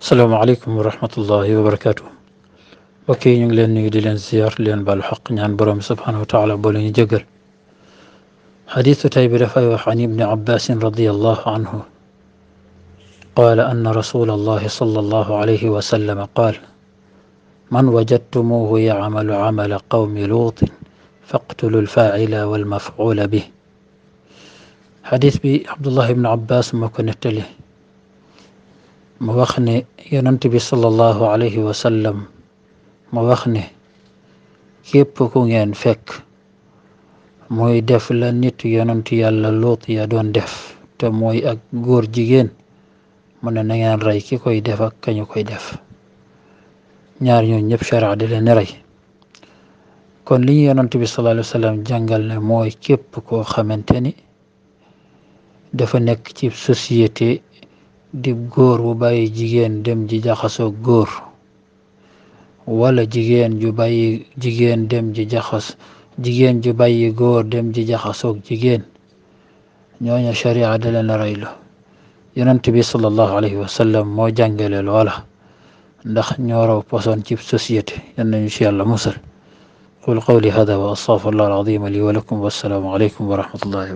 السلام عليكم ورحمة الله وبركاته وكي نيو لين نيو دي لين زيار لين بالحق نيان بروم سبحانه وتعالى بولين جقر حديث تايب دفا عن ابن عباس رضي الله عنه قال أن رسول الله صلى الله عليه وسلم قال من وجدتموه يعمل عمل قوم لوط فاقتلوا الفاعل والمفعول به حديث بي عبد الله بن عباس ما كنت له mu wax ne yonent bi sallallahu alayhi wa sallam mu wax ne képp ku ngeen fekk mooy def la nit yonent yàlla luut ya doon def te mooy ak góor jigéen mu ne na ngeen rey ki koy def kañu koy def ñaar ñoo ñëpp charia di kon li ñu yonent bi sallallahu alayhi wa sallam jàngal ne mooy képp koo xamante ni dafa nekk ci société di góor bu bàyyi jigéen dem ji jaxasoog góor wala jigéen ju bàyyi jigéen dem ji jaxas jigéen ju bàyyi góor dem ji jaxasoog jigéen ñooñu sharia dele leen raylu yonent bi sallallahu alayhi wa sallam moo jàngale loola ndax ñoorow poson ci société yan nañu ci yàlla musal qul qawli hada wa astaghfirullah alazim li wa lakum wassalaamu alaykum wa rahmatullahi